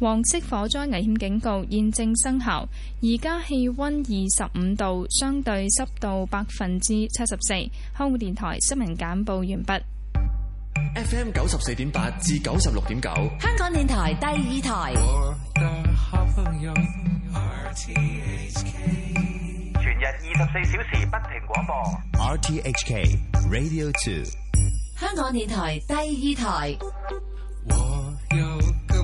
黃色火災危險警告現正生效，而家氣温二十五度，相對濕度百分之七十四。香港電台新聞簡報完畢。FM 九十四點八至九十六點九，K, 香港電台第二台，全日二十四小時不停廣播。RTHK Radio Two，香港電台第二台。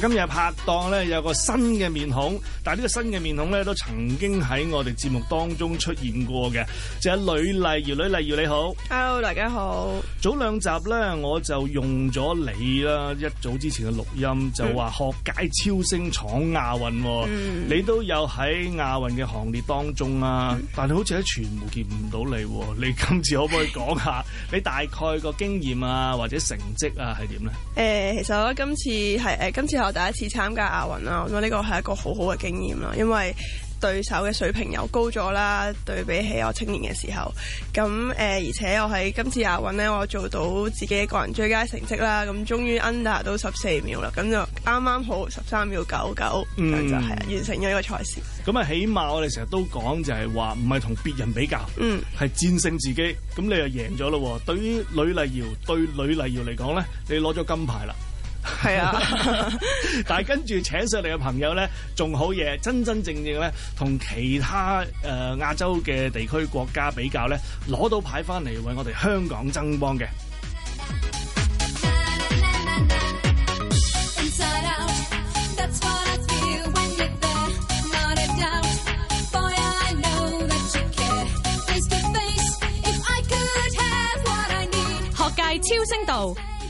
今日拍檔咧有個新嘅面孔，但係呢個新嘅面孔咧都曾經喺我哋節目當中出現過嘅，就係呂麗瑤，呂麗瑤你好，Hello，大家好。早兩集咧我就用咗你啦，一早之前嘅錄音就話學界超星闖亞運，嗯、你都有喺亞運嘅行列當中啊。嗯、但係好似喺全部見唔到你，啊，你今次可唔可以講下你大概個經驗啊或者成績啊係點咧？誒、欸、其實我今次係誒今次。我第一次參加亞運啦，我覺得呢個係一個好好嘅經驗啦，因為對手嘅水平又高咗啦，對比起我青年嘅時候。咁誒、呃，而且我喺今次亞運咧，我做到自己一個人最佳成績啦。咁終於 under 到十四秒啦，咁就啱啱好十三秒九九、嗯，就係完成咗呢個賽事。咁啊，起碼我哋成日都講就係話，唔係同別人比較，係、嗯、戰勝自己。咁你又贏咗咯。嗯、對於呂麗瑤，對呂麗瑤嚟講咧，你攞咗金牌啦。係啊， 但係跟住請上嚟嘅朋友咧，仲好嘢，真真正正咧，同其他誒亞、呃、洲嘅地區國家比較咧，攞到牌翻嚟為我哋香港爭光嘅 學界超聲道。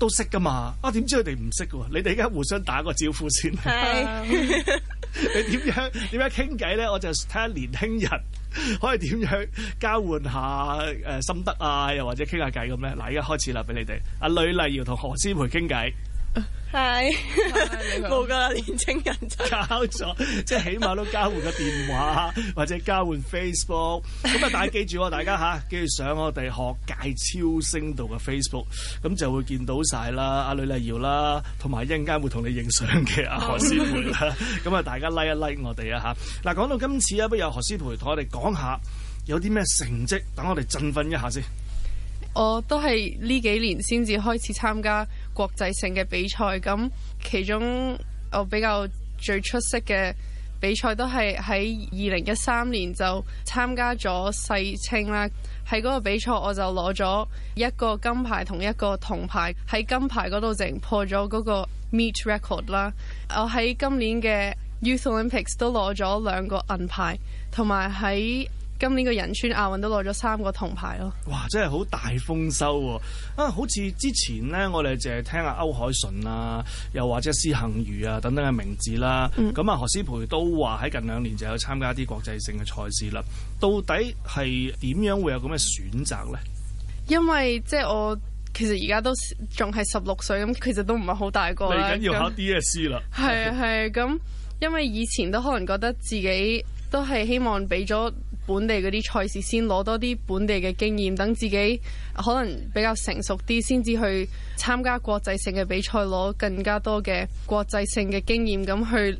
都識噶嘛？啊，點知佢哋唔識嘅喎？你哋而家互相打個招呼先。 你點樣點樣傾偈咧？我就睇下年輕人可以點樣交換下誒心得啊，又或者傾下偈咁咧。嗱，而家開始啦，俾你哋阿呂麗瑤同何詩蓓傾偈。係冇噶年青人交咗錯， 即係起碼都交換個電話， 或者交換 Facebook。咁啊， 大家記住，大家吓記、啊、住上我哋學界超聲度嘅 Facebook，咁就會見到晒啦。阿呂麗瑤啦，同埋一陣間會同你影相嘅阿何詩蓓啦。咁啊，啊啊啊 大家 like 一 like 我哋啊吓。嗱，啊，講到今次啊，不如何詩蓓同我哋講下有啲咩成績，等我哋振奮一下先。 我都係呢幾年先至開始參加。國際性嘅比賽，咁其中我比較最出色嘅比賽都係喺二零一三年就參加咗世青啦。喺嗰個比賽，我就攞咗一個金牌同一個銅牌。喺金牌嗰度，就破咗嗰個 meet record 啦。我喺今年嘅 Youth Olympics 都攞咗兩個銀牌，同埋喺。今年個仁川亞運都攞咗三個銅牌咯，哇！真係好大豐收喎啊，啊！好似之前咧，我哋淨係聽下歐海順啦、啊，又或者施幸餘啊等等嘅名字啦。咁啊，嗯、何詩蓓都話喺近兩年就有參加啲國際性嘅賽事啦。到底係點樣會有咁嘅選擇咧？因為即係我其實而家都仲係十六歲，咁其實都唔係好大個，嚟緊要考 DSE 啦。係啊，係咁， 因為以前都可能覺得自己都係希望俾咗。本地嗰啲賽事先攞多啲本地嘅經驗，等自己可能比較成熟啲，先至去參加國際性嘅比賽，攞更加多嘅國際性嘅經驗，咁去。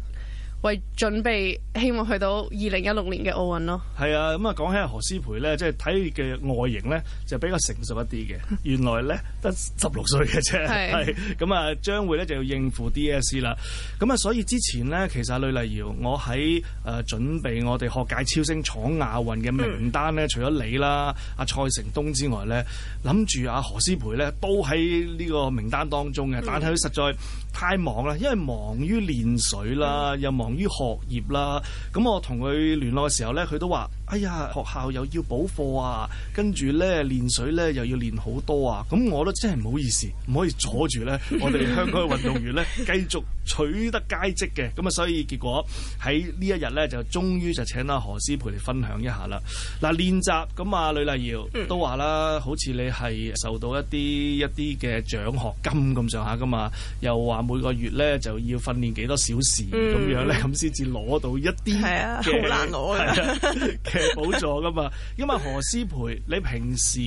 為準備，希望去到二零一六年嘅奧運咯。係啊，咁啊講起何詩蓓咧，即係睇佢嘅外形咧就比較成熟一啲嘅。原來咧得十六歲嘅啫，係咁啊，將 是會咧就要應付 DSE 啦。咁啊，所以之前咧其實呂麗瑤，我喺誒、呃、準備我哋學界超星闖亞運嘅名單咧，嗯、除咗你啦，阿、啊、蔡成東之外咧，諗住阿何詩蓓咧都喺呢個名單當中嘅，但係佢實在。嗯太忙啦，因為忙於練水啦，又忙於學業啦，咁我同佢聯絡嘅時候咧，佢都話。哎呀，學校又要補課啊，跟住咧練水咧又要練好多啊，咁我都真係唔好意思，唔可以阻住咧， 我哋香港嘅運動員咧繼續取得佳績嘅，咁啊所以結果喺呢一日咧就終於就請阿何詩蓓嚟分享一下啦。嗱，練習咁啊，呂麗瑤都話啦，嗯、好似你係受到一啲一啲嘅獎學金咁上下噶嘛，又話每個月咧就要訓練幾多小時咁，嗯、樣咧，咁先至攞到一啲，係對對啊，好難攞啊。補助噶嘛？因為何詩蓓，你平時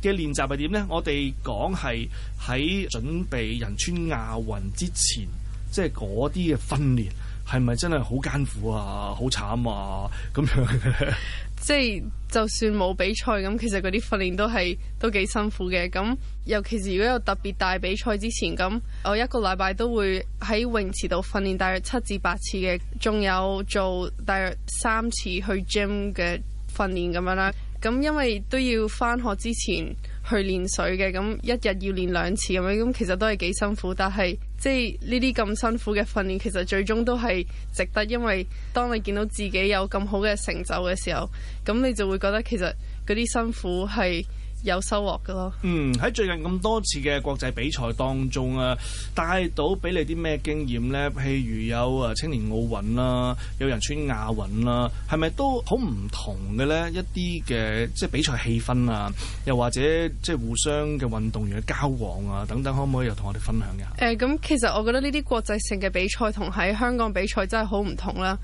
嘅練習係點咧？我哋講係喺準備仁川亞運之前，即係嗰啲嘅訓練係咪真係好艱苦啊、好慘啊咁樣？ 即係就算冇比賽，咁，其實嗰啲訓練都係都幾辛苦嘅。咁尤其是如果有特別大比賽之前咁，我一個禮拜都會喺泳池度訓練大約七至八次嘅，仲有做大約三次去 gym 嘅訓練，咁樣啦。咁因為都要翻學之前去練水嘅，咁一日要練兩次咁樣，咁其實都係幾辛苦，但係。即係呢啲咁辛苦嘅訓練，其實最終都係值得，因為當你見到自己有咁好嘅成就嘅時候，咁你就會覺得其實嗰啲辛苦係。有收穫噶咯。嗯，喺最近咁多次嘅國際比賽當中啊，帶到俾你啲咩經驗咧？譬如有啊青年奧運啦、啊，有仁川亞運啦、啊，係咪都好唔同嘅咧？一啲嘅即係比賽氣氛啊，又或者即係互相嘅運動員嘅交往啊等等，可唔可以又同我哋分享一下？誒、呃，咁其實我覺得呢啲國際性嘅比賽同喺香港比賽真係好唔同啦。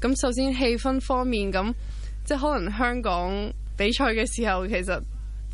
咁首先氣氛方面，咁即係可能香港比賽嘅時候其實。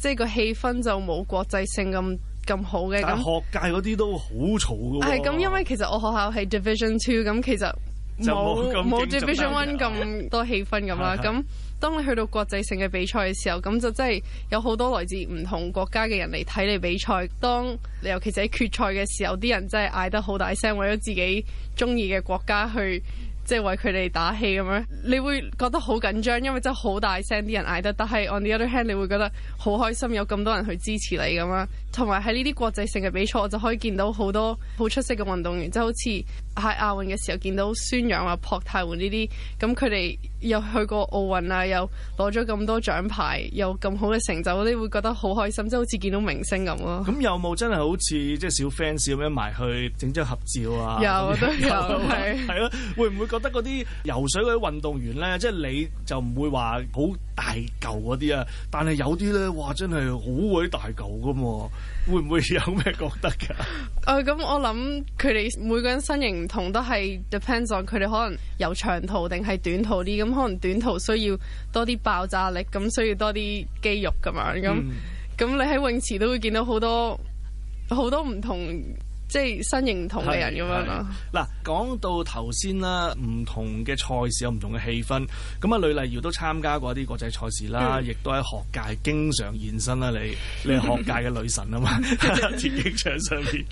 即係個氣氛就冇國際性咁咁好嘅咁。但學界嗰啲都好嘈嘅喎。係咁，因為其實我學校係 Division Two 咁，其實冇冇 Division One 咁多氣氛咁啦。咁 當你去到國際性嘅比賽嘅時候，咁就真係有好多來自唔同國家嘅人嚟睇你比賽。當你尤其是喺決賽嘅時候，啲人真係嗌得好大聲，為咗自己中意嘅國家去，即係為佢哋打氣咁樣，你會覺得好緊張，因為真係好大聲啲人嗌得。但係 on the other hand，你會覺得好開心，有咁多人去支持你咁樣。同埋喺呢啲國際性嘅比賽，我就可以見到好多好出色嘅運動員，即係好似喺亞運嘅時候見到孫楊啊、朴泰桓呢啲，咁佢哋又去過奧運啊，又攞咗咁多獎牌，有咁好嘅成就，你會覺得好開心，即係好似見到明星咁咯。咁有冇真係好似即係小 fans 咁樣埋去整張合照啊？有都有係咯， 會唔會？覺得嗰啲游水嗰啲運動員呢，即係你就唔會話好大嚿嗰啲啊，但係有啲呢，哇，真係好鬼大嚿咁，會唔會有咩覺得噶？咁、 呃、我諗佢哋每個人身形唔同，都係 depends on 佢哋可能有長途定係短途啲，咁可能短途需要多啲爆炸力，咁需要多啲肌肉噶嘛，咁、咁、嗯、你喺泳池都會見到好多好多唔同。即係身型唔同嘅人咁樣咯。嗱，講到頭先啦，唔同嘅賽事有唔同嘅氣氛。咁啊，呂麗瑤都參加過一啲國際賽事啦，亦、嗯、都喺學界經常現身啦。你你係學界嘅女神啊嘛！田徑 場上面。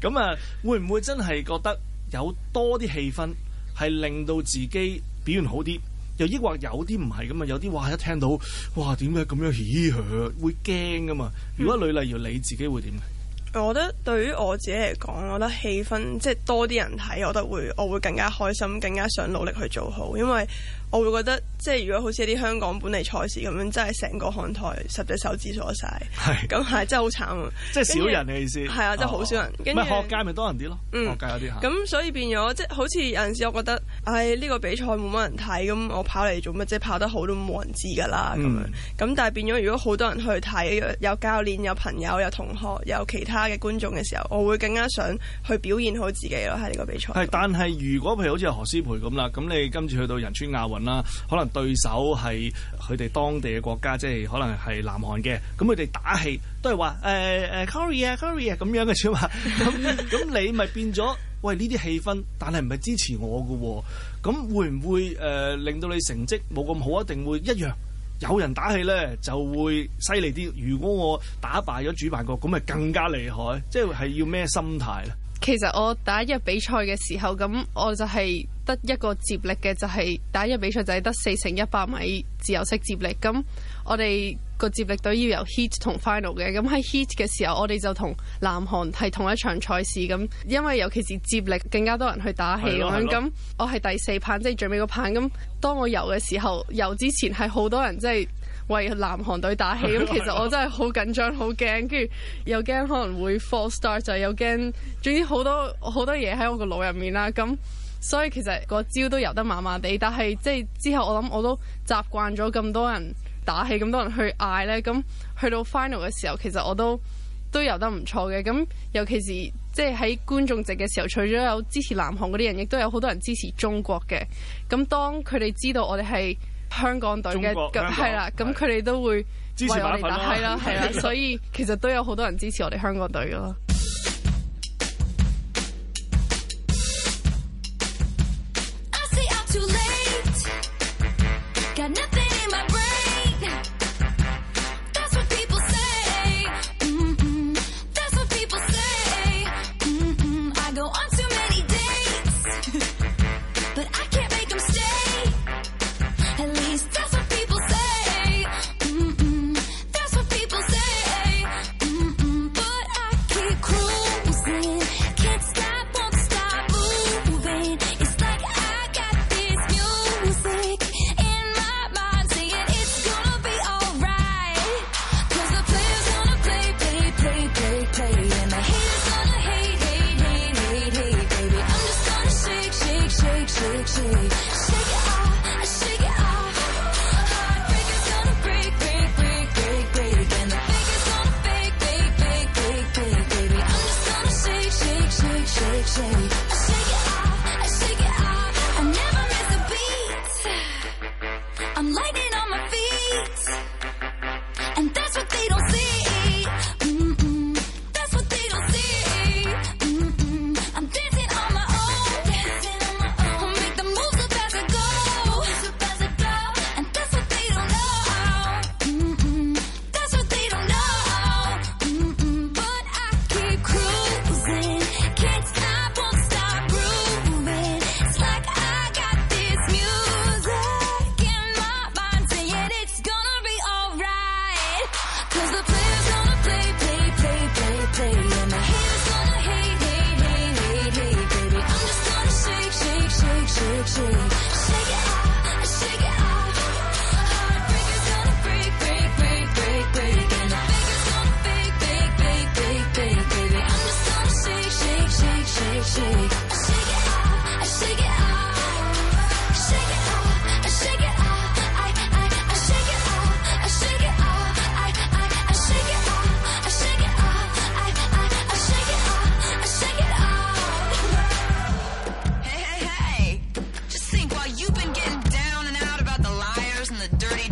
咁啊、 嗯， 會唔會真係覺得有多啲氣氛係令到自己表現好啲？又抑或有啲唔係咁啊？有啲話一聽到哇點解咁樣起鬨，會驚噶嘛？如果呂麗瑤你自己會點？嗯我覺得對於我自己嚟講，我覺得氣氛即係多啲人睇，我覺得會我會更加開心，更加想努力去做好，因為我會覺得即係如果好似啲香港本地賽事咁樣，真係成個看台十隻手指鎖晒，咁係係真係好慘啊！即係少人嘅意思係啊，即係好少人。咩學界咪多人啲咯？學界、嗯、學界有啲嚇。咁所以變咗即係好似有陣時，我覺得。係呢、哎這個比賽冇乜人睇，咁我跑嚟做乜啫？即跑得好都冇人知㗎啦，咁、嗯、樣。咁但係變咗，如果好多人去睇，有教練、有朋友、有同學、有其他嘅觀眾嘅時候，我會更加想去表現好自己咯喺呢個比賽。係，但係如果譬如好似何詩蓓咁啦，咁你今次去到仁川亞運啦，可能對手係佢哋當地嘅國家，即係可能係南韓嘅，咁佢哋打氣都係話誒誒 Korea 啊 Korea 啊，咁、呃呃、樣嘅啫嘛，咁你咪變咗。 喂，呢啲氣氛，但係唔係支持我嘅喎、哦，咁會唔會誒、呃、令到你成績冇咁好？一定會一樣，有人打氣呢就會犀利啲。如果我打敗咗主辦國，咁咪更加厲害，即係係要咩心態呢？其實我第一日比賽嘅時候，咁我就係得一個接力嘅，就係、是、第一日比賽就係得四乘一百米自由式接力。咁我哋。個接力隊要由 heat 同 final 嘅，咁喺 heat 嘅時候，我哋就同南韓係同一場賽事咁。因為尤其是接力更加多人去打氣咁，咁我係第四棒，即係最尾個棒。咁當我游嘅時候，游之前係好多人即係為南韓隊打氣。咁了其實我真係好緊張、好驚了，跟住又驚可能會 false start，就係又驚。總之好多好多嘢喺我個腦入面啦。咁所以其實個朝都游得麻麻地，但係即係之後我諗我都習慣咗咁多人。打氣咁多人去嗌呢，咁去到 final 嘅時候，其實我都都游得唔錯嘅。咁尤其是即係喺觀眾席嘅時候，除咗有支持南韓嗰啲人，亦都有好多人支持中國嘅。咁當佢哋知道我哋係香港隊嘅，係、啊、啦，咁佢哋都會支持我哋打氣啦，係啦。所以其實都有好多人支持我哋香港隊嘅咯。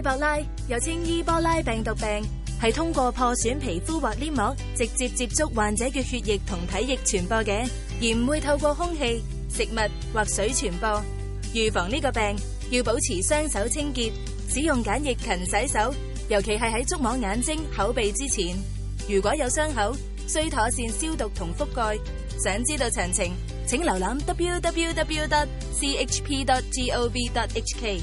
埃博拉又稱伊波拉病毒病，係通過破損皮膚或黏膜直接接觸患者嘅血液同體液傳播嘅，而唔會透過空氣、食物或水傳播。預防呢個病，要保持雙手清潔，使用梘液勤洗手，尤其係喺觸摸眼睛、口鼻之前。如果有傷口，需妥善消毒同覆蓋。想知道詳情，請瀏覽 www.chp.gov.hk。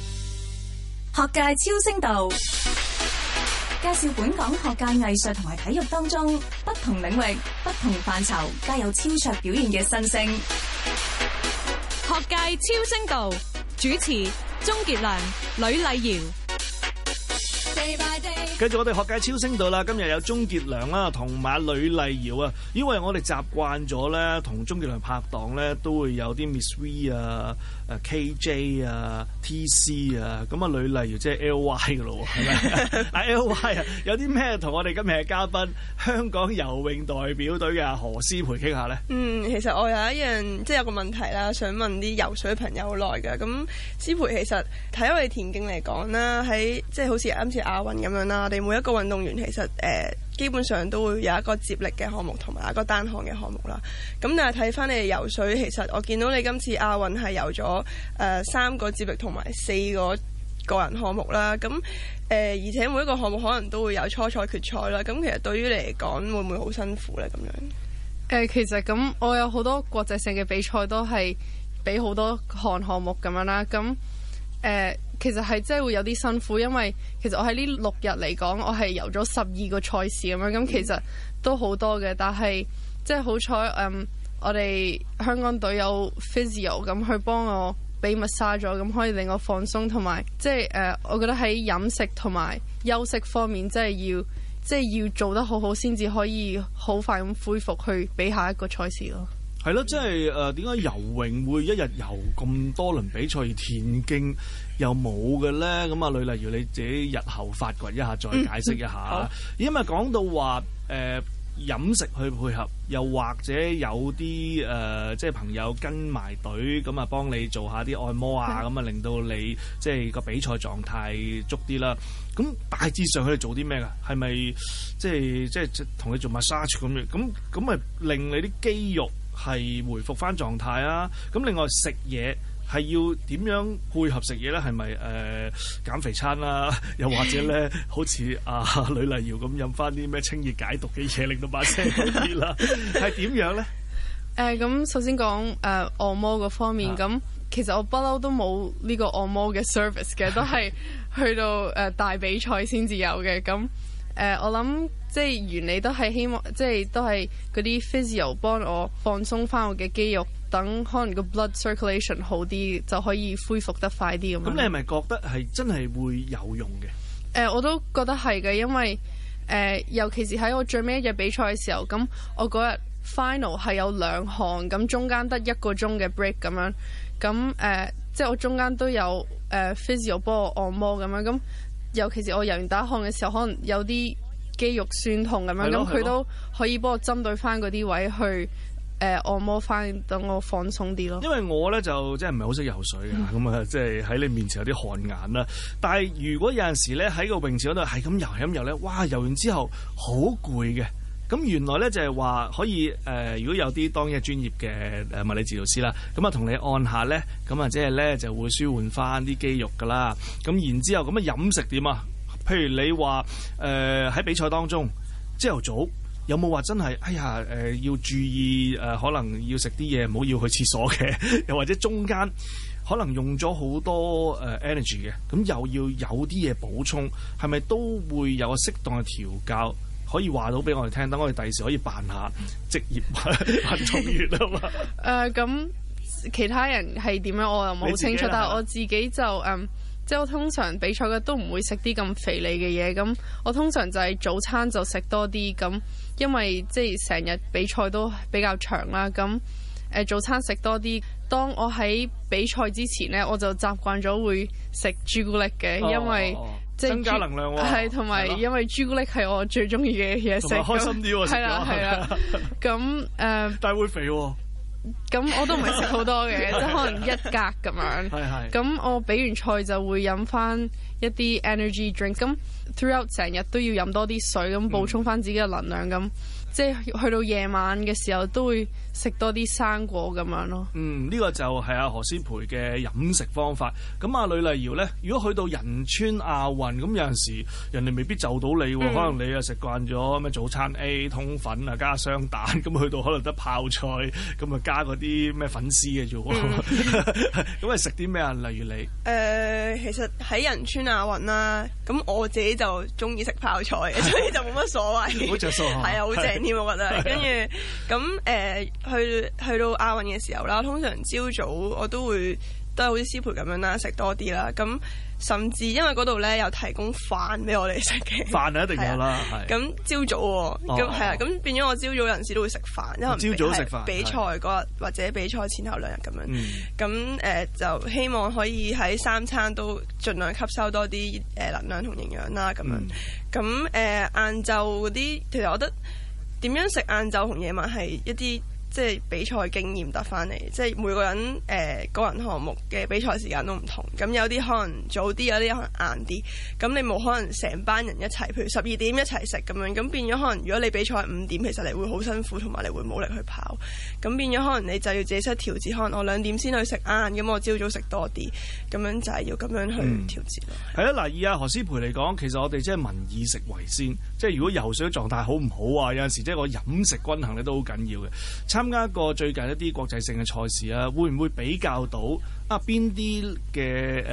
學界超聲道，介紹本港學界、藝術同埋體育當中不同領域、不同範疇皆有超卓表現嘅新星。學界超聲道主持：鍾傑良、呂麗瑤。跟住我哋學界超聲道啦，今日有鍾傑良啦，同埋阿呂麗瑤啊，因為我哋習慣咗咧，同鍾傑良拍檔咧，都會有啲 Miss V 啊、誒 KJ 啊、TC 啊，咁啊呂麗瑤即係 LY 嘅咯喎，阿、 uh, LY 啊，有啲咩同我哋今日嘅嘉賓香港游泳代表隊嘅何詩蓓傾下咧？嗯，其實我有一樣即係有個問題啦，想問啲游水朋友好耐嘅咁詩蓓，其實睇我哋田徑嚟講啦，喺即係好似啱先亞運咁樣啦。我哋每一個運動員其實誒、呃，基本上都會有一個接力嘅項目同埋一個單項嘅項目啦。咁但係睇翻你哋游水，其實我見到你今次亞運係游咗誒、呃、三個接力同埋四個個，個人項目啦。咁、呃、誒，而且每一個項目可能都會有初賽、決賽啦。咁其實對於你嚟講，會唔會好辛苦呢？咁樣誒，其實咁我有好多國際性嘅比賽都係俾好多項項目咁樣啦。咁誒。呃其實係真係會有啲辛苦，因為其實我喺呢六日嚟講，我係游咗十二個賽事咁樣，咁其實都好多嘅。但係即係好彩，嗯，我哋香港隊有 physio 咁去幫我俾 massage 咗，咁可以令我放鬆，同埋即係誒、呃，我覺得喺飲食同埋休息方面，即係要即係要做得好好，先至可以好快咁恢復去比下一個賽事咯。係咯，即係誒，點、呃、解游泳會一日游咁多輪比賽，而田徑又冇嘅咧？咁啊、呃，你例如你自己日後發掘一下，再解釋一下。因為講到話誒飲食去配合，又或者有啲誒、呃、即係朋友跟埋隊咁啊，幫你做下啲按摩啊，咁啊令到你即係個比賽狀態足啲啦。咁大致上佢哋做啲咩噶？係咪即係即係同你做埋沙撮咁樣？咁咁咪令你啲肌肉？係回復翻狀態啊！咁另外食嘢係要點樣配合食嘢咧？係咪誒減肥餐啦，啊？又或者咧，好似阿呂麗瑤咁飲翻啲咩清熱解毒嘅嘢，令到把聲好熱啦？係點樣咧？誒、呃、咁、呃呃呃、首先講誒、呃、按摩嘅方面，咁、啊、其實我不嬲都冇呢個按摩嘅 service 嘅，的都係去到誒、呃、大比賽先至有嘅咁。誒、呃，我諗即係原理都係希望，即係都係嗰啲 physio 幫我放鬆翻我嘅肌肉，等可能個 blood circulation 好啲，就可以恢復得快啲咁樣。咁你係咪覺得係真係會有用嘅？誒、呃，我都覺得係嘅，因為誒、呃，尤其是喺我最尾一隻比賽嘅時候，咁我嗰日 final 係有兩項，咁中間得一個鐘嘅 break 咁樣，咁、呃、誒，即係我中間都有誒 physio 幫我按摩咁樣咁。尤其是我游完打旱嘅時候，可能有啲肌肉酸痛咁樣，咁佢都可以幫我針對翻嗰啲位去誒、呃、按摩翻，等我放鬆啲咯。因為我咧就真係唔係好識游水嘅，咁 啊即係喺你面前有啲汗顏啦。但係如果有陣時咧喺個泳池嗰度係咁游、係咁游咧，哇！游完之後好攰嘅。咁原來咧就係話可以誒、呃，如果有啲當一專業嘅誒物理治療師啦，咁啊同你按下咧，咁啊即係咧就，就會舒緩返啲肌肉噶啦。咁然之後咁啊飲食點啊？譬如你話誒喺比賽當中朝頭早有冇話真係哎呀誒、呃、要注意誒、呃，可能要食啲嘢，唔好要去廁所嘅，又 或者中間可能用咗好多誒、呃、energy 嘅，咁又要有啲嘢補充，係咪都會有個適當嘅調教？可以話到俾我哋聽，等我哋第時可以扮下職業運動員啊嘛。誒，咁其他人係點樣？我又冇好清楚，但係我自己就誒、嗯，即係我通常比賽嘅都唔會食啲咁肥膩嘅嘢。咁我通常就係早餐就食多啲。咁因為即係成日比賽都比較長啦。咁誒、呃，早餐食多啲。當我喺比賽之前呢，我就習慣咗會食朱古力嘅，oh. 因為。增加能量喎，係，同埋，因為朱古力係我最中意嘅嘢食，同埋開心啲喎、啊，係啦係啦，咁誒，但係會肥喎、哦， 咁我都唔係食好多嘅，即係可能一格咁樣，係係了，咁我俾完菜就會飲翻一啲 energy drink，咁 throughout 成日都要飲多啲水，咁補充翻自己嘅能量，咁、嗯、即係去到夜晚嘅時候都會。食多啲生果咁樣咯。嗯，呢、這個就係阿、啊、何詩蓓嘅飲食方法。咁阿呂麗瑤咧，如果去到仁川亞運，咁有陣時人哋未必就到你喎。可能你又食慣咗咩早餐 A 通粉啊，加雙蛋咁，去到可能得泡菜咁啊，加個啲咩粉絲嘅啫喎。咁啊，食啲咩啊？例如你誒，其實喺仁川亞運啦，咁我自己就中意食泡菜，所以就冇乜 所謂。好著數啊！係是、嗯、啊，好正添，我覺得。跟住咁誒。去去到亞運嘅時候啦，通常朝早我都會都係好似詩蓓咁樣啦，食多啲啦。咁甚至因為嗰度咧有提供飯俾我哋食嘅，飯一定有啦。咁朝的的早喎，咁係啊，咁那、哦、變咗我朝早有時都會食飯，因為朝早食飯比賽嗰日或者比賽前後兩日咁樣。咁誒、嗯呃、就希望可以喺三餐都盡量吸收多啲誒能量同營養啦。咁樣咁誒晏晝嗰啲，其實我覺得點樣食晏晝同夜晚係一啲。即係比賽經驗得翻嚟，即係每個人誒、呃、個人項目嘅比賽時間都唔同，咁有啲可能早啲，有啲可能晏啲。咁你冇可能成班人一齊，譬如十二點一齊食咁樣，咁變咗可能如果你比賽五點，其實你會好辛苦，同埋你會冇力去跑。咁變咗可能你就要自己識調節，可能我兩點先去食晏，咁我朝早食多啲，咁樣就係要咁樣去調節啦。係啦、嗯，嗱以阿何詩蓓嚟講，其實我哋即係民以食為先，即係如果游水嘅狀態好唔好啊？有陣時即係我飲食均衡咧都好緊要嘅。參加過最近一啲國際性嘅賽事啊，會唔會比較到啊邊啲嘅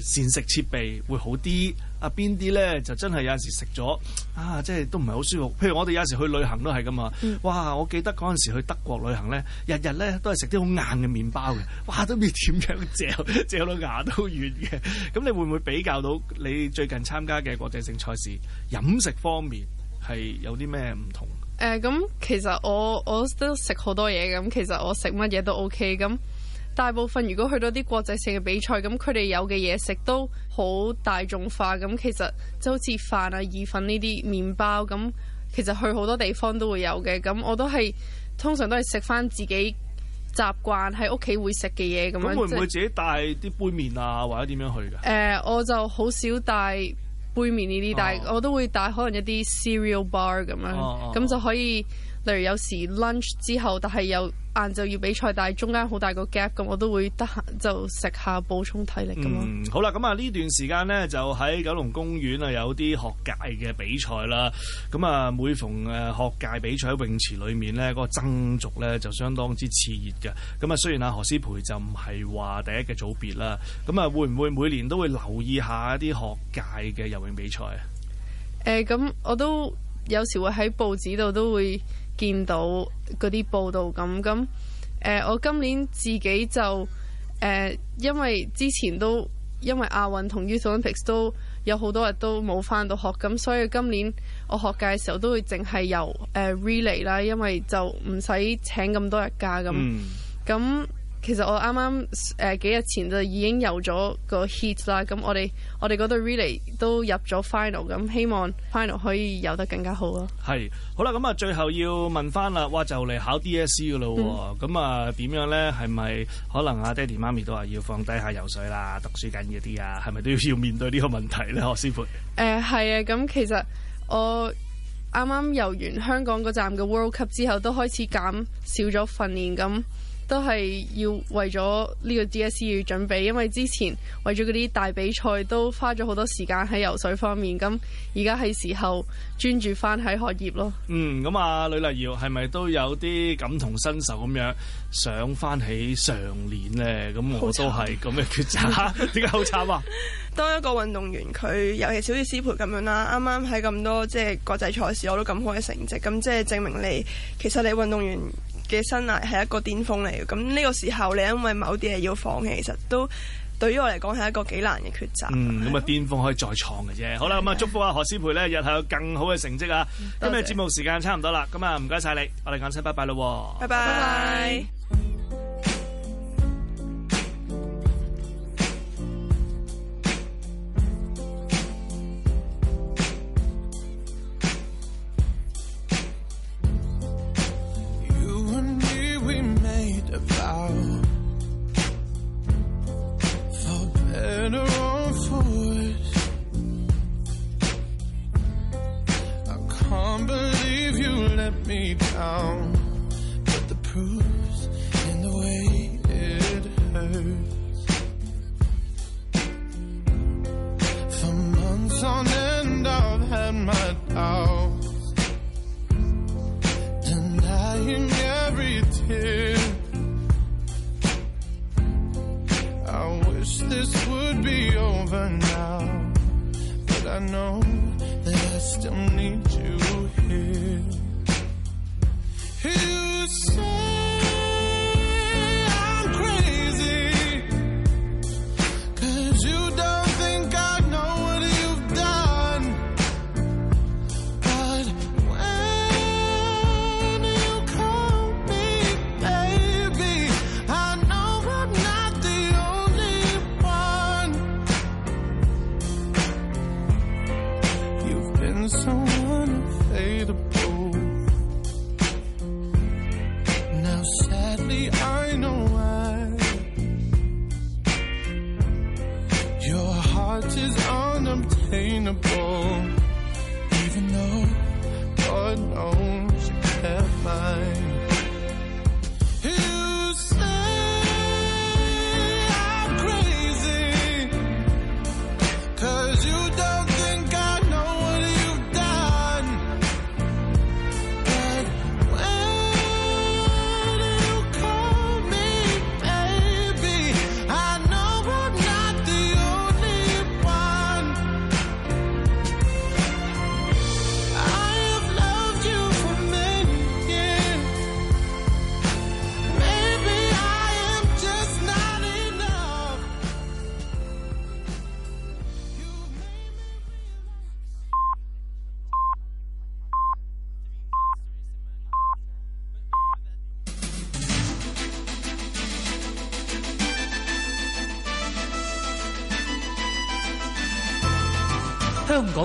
誒膳食設備會好啲？啊邊啲咧就真係有陣時食咗啊，即係都唔係好舒服。譬如我哋有陣時去旅行都係咁啊。哇！我記得嗰陣時去德國旅行咧，日日咧都係食啲好硬嘅麵包嘅。哇！都未點樣嚼，嚼到牙都軟嘅。咁你會唔會比較到你最近參加嘅國際性賽事飲食方面係有啲咩唔同？誒咁其實我我都食好多嘢咁，其實我食乜嘢都 OK 咁。大部分如果去到啲國際性嘅比賽，咁佢哋有嘅嘢食都好大眾化。咁其實即好似飯啊、意粉、呢啲麵包咁，其實去好多地方都會有嘅。咁我都係通常都係食翻自己習慣喺屋企會食嘅嘢咁樣。咁會唔會自己帶啲杯麵啊或者點樣去嘅？誒、呃，我就好少帶。杯麵呢啲，但係、oh. 我都會帶可能一啲 cereal bar 咁樣，咁就可以，例如有時 lunch 之後，但係有。晏晝要比賽，但係中間好大個 gap，咁我都會得閒就食下補充體力咁咯。嗯、樣好啦，咁啊呢段時間呢，就喺九龍公園啊有啲學界嘅比賽啦。咁啊每逢誒學界比賽喺泳池裏面呢，嗰、那個爭逐咧就相當之熾熱嘅。咁啊雖然啊何詩蓓就唔係話第一嘅組別啦，咁啊會唔會每年都會留意一下一啲學界嘅游泳比賽啊？誒、欸，咁我都有時會喺報紙度都會，見到嗰啲報道咁咁，誒、呃、我今年自己就誒、呃，因為之前都因為亞運同 Youth Olympics 都有好多日都冇翻到學，咁所以今年我學界嘅時候都會淨係游誒 relay 啦，呃、Rel ay，因為就唔使請咁多日假咁，咁。嗯其實我啱啱誒幾日前就已經有咗個 heat 啦，咁我哋我哋嗰隊 relay 都入咗 final，咁希望 final 可以遊得更加好咯。係，好啦，咁啊最後要問翻啦，哇，就嚟考 DSE 噶啦喎，咁、嗯、啊點樣咧？係咪可能阿爹哋媽咪都話要放低下游水啦，讀書緊嗰啲啊，係咪都要要面對呢個問題咧？何師傅誒係啊，咁其實我啱啱遊完香港個站嘅 World Cup 之後，都開始減少咗訓練咁。都係要為咗呢個 DSE 要準備，因為之前為咗嗰啲大比賽都花咗好多時間喺游水方面，咁而家係時候專注翻喺學業咯、嗯。嗯，咁、呃、啊，呂麗瑤係咪都有啲感同身受咁樣想翻起上年咧？咁我都係咁嘅抉擇，點解好慘啊？ 當一個運動員，佢尤其少少師培咁樣啦，啱啱喺咁多即係國際賽事攞到咁好嘅成績，咁即係證明你其實你運動員嘅生涯係一個巔峰嚟嘅，咁呢個時候你因為某啲嘢要放棄，其實都對於我嚟講係一個幾難嘅抉擇。嗯，咁啊巔峰可以再創嘅啫。的好啦，咁啊祝福阿、啊、何師培何詩蓓咧日後有更好嘅成績啊！今日節目時間差唔多啦，咁啊唔該晒你，我哋晏先拜拜啦，拜拜！bye bye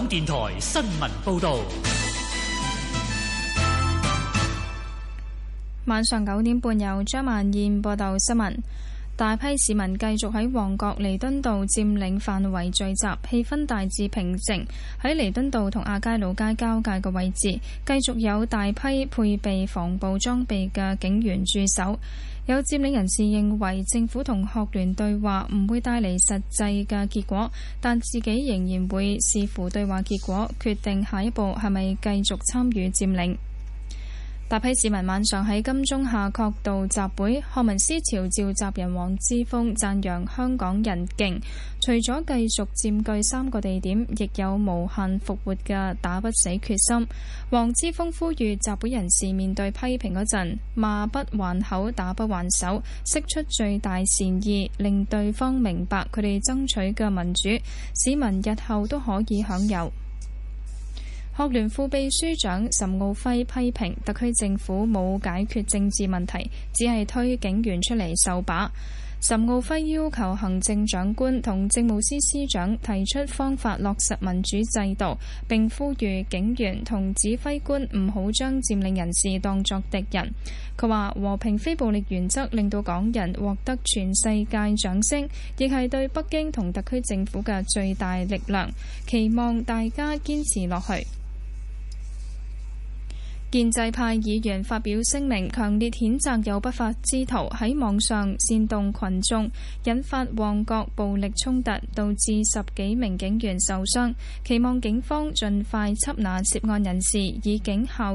港電台新聞報道，晚上九點半有張曼燕報道新聞。大批市民繼續喺旺角彌敦道佔領範圍聚集，氣氛大致平靜。喺彌敦道同亞皆老街交界嘅位置，繼續有大批配備防暴裝備嘅警員駐守。有佔領人士認為政府同學聯對話唔會帶嚟實際嘅結果，但自己仍然會視乎對話結果，決定下一步係咪繼續參與佔領。大批市民晚上喺金鐘夏慤道集會，學民思潮召集人黃之鋒讚揚香港人勁，除咗繼續佔據三個地點，亦有無限復活嘅打不死決心。黃之鋒呼籲集會人士面對批評嗰陣，罵不還口，打不還手，釋出最大善意，令對方明白佢哋爭取嘅民主，市民日後都可以享有。學聯副秘書長岑奧輝批評特區政府冇解決政治問題，只係推警員出嚟受靶。岑奧輝要求行政長官同政務司司長提出方法落實民主制度，並呼籲警員同指揮官唔好將佔領人士當作敵人。佢話和平非暴力原則令到港人獲得全世界掌聲，亦係對北京同特區政府嘅最大力量。期望大家堅持落去。建制派議員發表聲明，強烈譴責有不法之徒喺網上煽動群眾，引發旺角暴力衝突，導致十幾名警員受傷，期望警方盡快緝拿涉案人士，以警效。